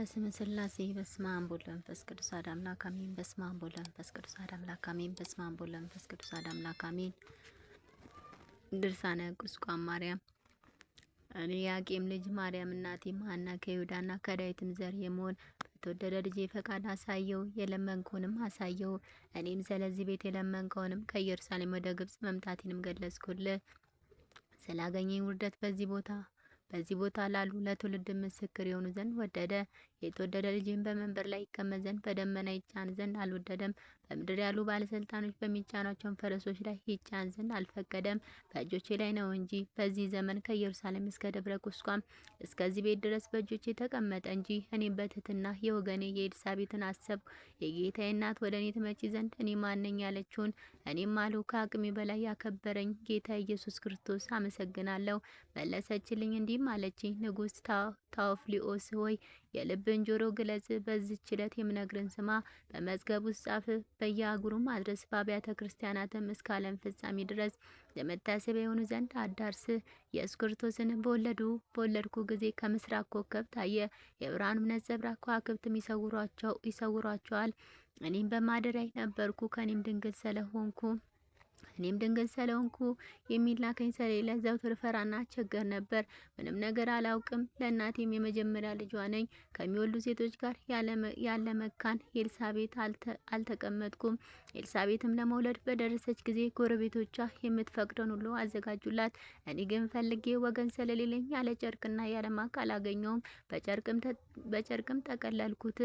በስመ ስላሴ በስመ አብ ወወልድ ወመንፈስ ቅዱስ አሐዱ አምላክ አሜን። በስመ አብ ወወልድ ወመንፈስ ቅዱስ አሐዱ አምላክ አሜን። በስመ አብ ወወልድ ወመንፈስ ቅዱስ አሐዱ አምላክ አሜን። ድርሳነ ቁስቋም ማርያም የኢያቄም ልጅ ማርያም እናቴ ሐና ከይሁዳና ከዳዊትም ዘር የመሆን የተወደደ ልጄ ፈቃድ አሳየው፣ የለመንከውንም አሳየው። እኔም ስለዚህ ቤት የለመንከውንም ከኢየሩሳሌም ወደ ግብጽ መምጣቴንም ገለጽኩልህ። ስላገኘኝ ውርደት በዚህ ቦታ በዚህ ቦታ ላሉ ለትውልድ ምስክር የሆኑ ዘንድ ወደደ። የተወደደ ልጅህን በመንበር ላይ ይቀመጥ ዘንድ በደመና ይጫን ዘንድ አልወደደም። በምድር ያሉ ባለስልጣኖች በሚጫኗቸውን ፈረሶች ላይ ይጫን ዘንድ አልፈቀደም። በእጆቼ ላይ ነው እንጂ በዚህ ዘመን ከኢየሩሳሌም እስከ ደብረ ቁስቋም እስከዚህ ቤት ድረስ በእጆቼ ተቀመጠ እንጂ እኔ በትህትና የወገኔ የኤልሳቤጥን አሰብ የጌታዬ እናት ወደ እኔ ትመጪ ዘንድ እኔ ማነኝ ያለችውን እኔም አሉ ከአቅሜ በላይ ያከበረኝ ጌታ ኢየሱስ ክርስቶስ አመሰግናለሁ። መለሰችልኝ፣ እንዲህም አለችኝ ንጉሥ ታዎፍሊኦስ ሆይ የልብን ጆሮ ግለጽ፣ በዚህች ዕለት የምነግርን ስማ፣ በመዝገብ ውስጥ ጻፍ፣ በየአህጉሩ አድርስ፣ በአብያተ ክርስቲያናትም እስከ ዓለም ፍጻሜ ድረስ ለመታሰቢያ የሆኑ ዘንድ አዳርስ። ኢየሱስ ክርስቶስን በወለዱ በወለድኩ ጊዜ ከምስራቅ ኮከብ ታየ፣ የብርሃን ነጸብራቅ ከዋክብትም ይሰውሯቸዋል። እኔም በማደሪያ ነበርኩ፣ ከእኔም ድንግል ስለሆንኩ እኔም ደንገን ስለሆንኩ የሚላከኝ ስለሌለ ዘውትር ፈራና አስቸገር ነበር። ምንም ነገር አላውቅም። ለእናቴም የመጀመሪያ ልጇ ነኝ። ከሚወልዱ ሴቶች ጋር ያለ መካን ኤልሳቤት አልተቀመጥኩም። ኤልሳቤትም ለመውለድ በደረሰች ጊዜ ጎረቤቶቿ የምትፈቅደውን ሁሉ አዘጋጁላት። እኔ ግን ፈልጌ ወገን ስለሌለኝ ያለ ጨርቅና ያለ ማቅ አላገኘውም። በጨርቅም ተጠቀለልኩት።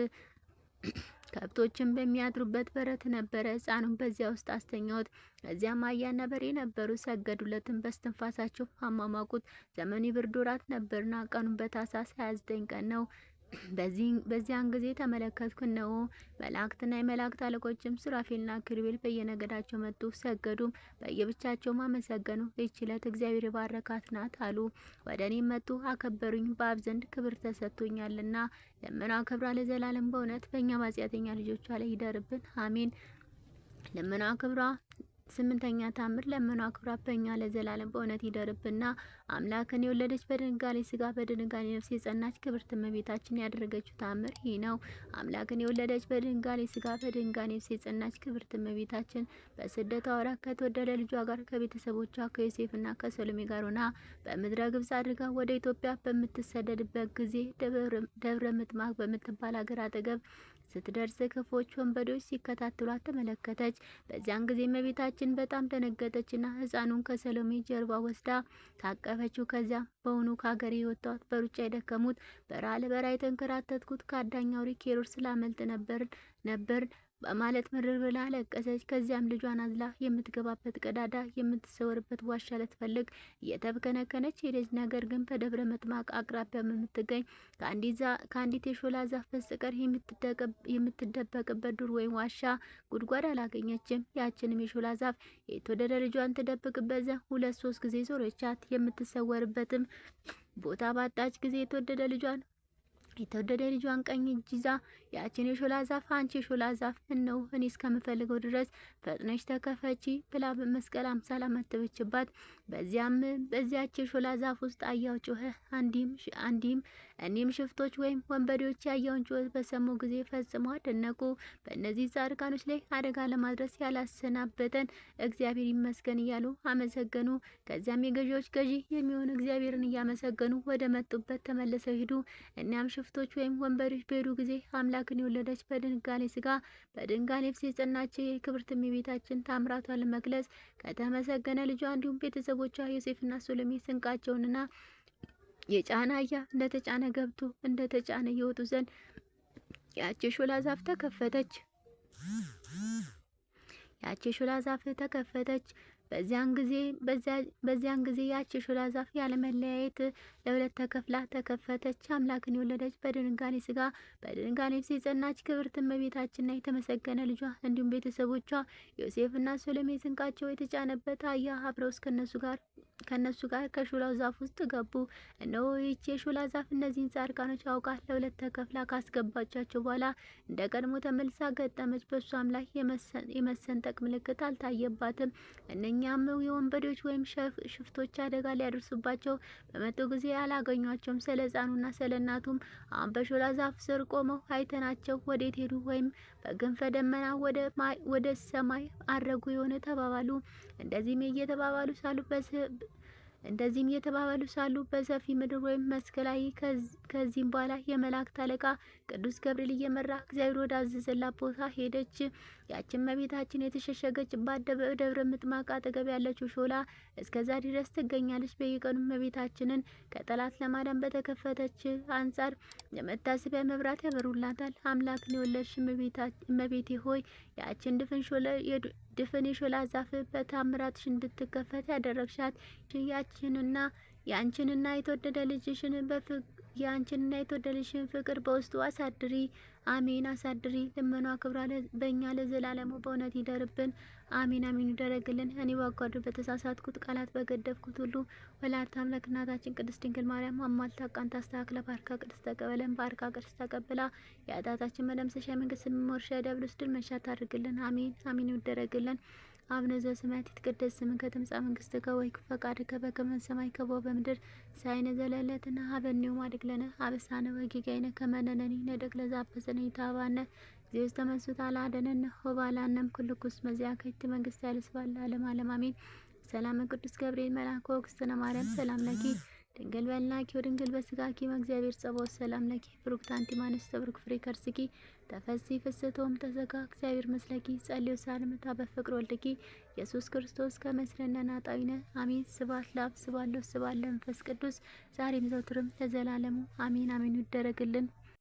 ከብቶችን በሚያድሩበት በረት ነበረ። ህፃኑን በዚያ ውስጥ አስተኛሁት። ከዚያም አህያና በሬ ነበሩ፣ ሰገዱለትን በስትንፋሳቸው አሟሟቁት። ዘመኑ የብርድ ወራት ነበርና ቀኑን በታኅሳስ 29 ቀን ነው። በዚያን ጊዜ ተመለከትኩ፣ እነሆ መላእክትና የመላእክት አለቆችም ሱራፌልና ክሩቤል በየነገዳቸው መጡ፣ ሰገዱም፣ በየብቻቸውም አመሰገኑ። ይህች ዕለት እግዚአብሔር የባረካት ናት አሉ። ወደ እኔም መጡ፣ አከበሩኝ፣ በአብ ዘንድ ክብር ተሰጥቶኛልና። ልመና ክብራ ለዘላለም በእውነት በእኛ ማጽያተኛ ልጆቿ ላይ ይደርብን፣ አሜን። ልመና ክብራ ስምንተኛ ታምር ለምኗ አክብራ በኛ ለዘላለም በእውነት ይደርብና አምላክን የወለደች በድንጋሌ ስጋ በድንጋሌ ነፍስ የጸናች ክብርት እመቤታችን ያደረገችው ታምር ይህ ነው። አምላክን የወለደች በድንጋሌ ስጋ በድንጋሌ ነፍስ የጸናች ክብርት እመቤታችን በስደት ወራት ከተወደደ ልጇ ጋር ከቤተሰቦቿ ከዮሴፍና ከሰሎሜ ጋር ሆና በምድረ ግብጽ አድርጋ ወደ ኢትዮጵያ በምትሰደድበት ጊዜ ደብረ ምጥማቅ በምትባል ሀገር አጠገብ ስትደርስ ክፎች ወንበዴዎች ሲከታተሏት ተመለከተች። በዚያን ጊዜ እመቤታችን በጣም ደነገጠችና ሕፃኑን ከሰሎሜ ጀርባ ወስዳ ታቀፈችው። ከዚያ በውኑ ከሀገሬ የወጣሁት በሩጫ የደከሙት በረሃ ለበረሃ የተንከራተትኩት ከአዳኝ አውሬ ኬሮስ ስላመልጥ ነበር ነበር በማለት ምርር ብላ ለቀሰች። ከዚያም ልጇን አዝላ የምትገባበት ቀዳዳ የምትሰወርበት ዋሻ ልትፈልግ እየተብከነከነች ሄደች። ነገር ግን በደብረ ምጥማቅ አቅራቢያ የምትገኝ ከአንዲት የሾላ ዛፍ በስተቀር የምትደበቅበት ዱር ወይም ዋሻ ጉድጓድ አላገኘችም። ያችንም የሾላ ዛፍ የተወደደ ልጇን ትደብቅበት ዘንድ ሁለት ሶስት ጊዜ ዞረቻት። የምትሰወርበትም ቦታ ባጣች ጊዜ የተወደደ ልጇን የተወደደ ልጇን ቀኝ እጅ ይዛ ያችን የሾላ ዛፍ አንቺ የሾላ ዛፍ ምን ነው እኔ እስከምፈልገው ድረስ ፈጥነሽ ተከፈቺ ብላ በመስቀል አምሳል አመተበችባት። በዚያም በዚያች የሾላ ዛፍ ውስጥ አያው ጮኸ። አንዲም አንዲም እኔም ሽፍቶች ወይም ወንበዴዎች የአህያውን ጩኸት በሰሙ ጊዜ ፈጽሞ አደነቁ። በእነዚህ ጻድቃኖች ላይ አደጋ ለማድረስ ያላሰናበተን እግዚአብሔር ይመስገን እያሉ አመሰገኑ። ከዚያም የገዢዎች ገዢ የሚሆን እግዚአብሔርን እያመሰገኑ ወደ መጡበት ተመልሰው ሄዱ። እኒያም ሽፍቶች ወይም ወንበሮች በሄዱ ጊዜ አምላክን የወለደች በድንጋሌ ስጋ በድንጋሌ ነፍስ የጸናች የክብርት እመቤታችን ታምራቷን ለመግለጽ ከተመሰገነ ልጇ እንዲሁም ቤተሰቦቿ ዮሴፍና ሶሎሜ ስንቃቸውንና የጫና አህያ እንደተጫነ ገብቶ እንደተጫነ ይወጡ ዘንድ ያቺ ሾላ ዛፍ ተከፈተች። ያቺ ሾላ ዛፍ ተከፈተች። በዚያን ጊዜ በዚያን ጊዜ ያቺ ሾላ ዛፍ ያለመለያየት ለሁለት ተከፍላ ተከፈተች። አምላክን የወለደች በድንጋኔ ስጋ በድንጋኔ ነፍስ የጸናች ክብርት እመቤታችንና የተመሰገነ ልጇ እንዲሁም ቤተሰቦቿ ዮሴፍና ሶሎሜ ስንቃቸው የተጫነበት አያ አብረው ከእነሱ ጋር ከነሱ ጋር ከሹላው ዛፍ ውስጥ ገቡ። እነሆ ይቺ የሹላ ዛፍ እነዚህን ጻድቃኖች አውቃ ለሁለት ተከፍላ ካስገባቻቸው በኋላ እንደ ቀድሞ ተመልሳ ገጠመች። በእሷም ላይ የመሰንጠቅ ምልክት አልታየባትም። እነኛም የወንበዴዎች ወይም ሽፍቶች አደጋ ሊያደርሱባቸው በመጡ ጊዜ አላገኟቸውም። ስለ ሕፃኑና ስለ እናቱም አሁን በሾላ ዛፍ ስር ቆመው አይተናቸው ወዴት ሄዱ ወይም በግንፈ ደመና ወደ ሰማይ አረጉ የሆነ ተባባሉ። እንደዚህም እየተባባሉ ሳሉ እንደዚህም እየተባባሉ ሳሉ በሰፊ ምድር ወይም መስክ ላይ ከዚህም በኋላ የመላእክት አለቃ ቅዱስ ገብርኤል እየመራ እግዚአብሔር ወደ ቦታ ሄደች። ያችን መቤታችን የተሸሸገች ደብረ ምጥማቅ አጠገብ ያለችው ሾላ እስከዛ ድረስ ትገኛለች። በየቀኑ መቤታችንን ከጠላት ለማዳን በተከፈተች አንጻር የመታሰቢያ መብራት ያበሩላታል። አምላክን የወለድሽ መቤቴ ሆይ ያችን ድፍን ሾላ ድፍን የሾላ ዛፍ በታምራትሽ እንድትከፈት ያደረግሻት ያችንና ያንቺንና የተወደደ ልጅሽን የአንቺንና የተወደደልሽን ፍቅር በውስጡ አሳድሪ። አሜን አሳድሪ። ልመኗ ክብራ በእኛ ለዘላለሙ በእውነት ይደርብን። አሜን አሜን ይደረግልን። እኔ ባጓዱ በተሳሳትኩት ቃላት በገደፍኩት ሁሉ ወላዲተ አምላክ እናታችን ቅድስት ድንግል ማርያም አማልታ ቃን አስተካክለ ባርካ ቅድስት ተቀበለን። ባርካ ቅድስት ተቀብላ የአጣታችን መደምሰሻ መንግስት ስምሞርሻ ዲያብሎስ ድል መንሻ ታድርግልን። አሜን አሜን ይደረግልን። አቡነ ዘበሰማያት ይትቀደስ ስምከ ትምጻእ መንግስትከ ወይኩን ፈቃድከ በከመ በሰማይ ከቦ በምድር ሳይነ ዘለለዕለትነ ሀበነ ዮም ለነ አበሳነ ወጌጋየነ ከመ ንሕነኒ ነድኅግ ለዘአበሰነ ኢታብአነ ዘእንተ መንሱት አልዓደነነ ሆባላነም ኩልኩስ መዚያ ከቲ መንግስት ያለስባል ለዓለም ዓለም አሜን። ሰላም ቅዱስ ገብርኤል መልአክ ወእግዝእትነ ማርያም ሰላም ለኪ ድንግል በልናኪ ወድንግል በስጋኪ መእግዚአብሔር ጸባኦት ሰላም ለኪ ብሩክታንቲ ማነስ ተብሩክ ፍሬ ከርስኪ ተፈሲ ፍስቶም ተዘጋ እግዚአብሔር መስለኪ ጸልዩ ሳልምታ በፍቅር ወልድኪ ኢየሱስ ክርስቶስ ከመስለነ ናጣዊነ አሜን። ስባት ለአብ ስባለው ለወልድ ስባት ቅዱስ ዛሬም ዘውትርም ለዘላለሙ አሜን አሜን ይደረግልን።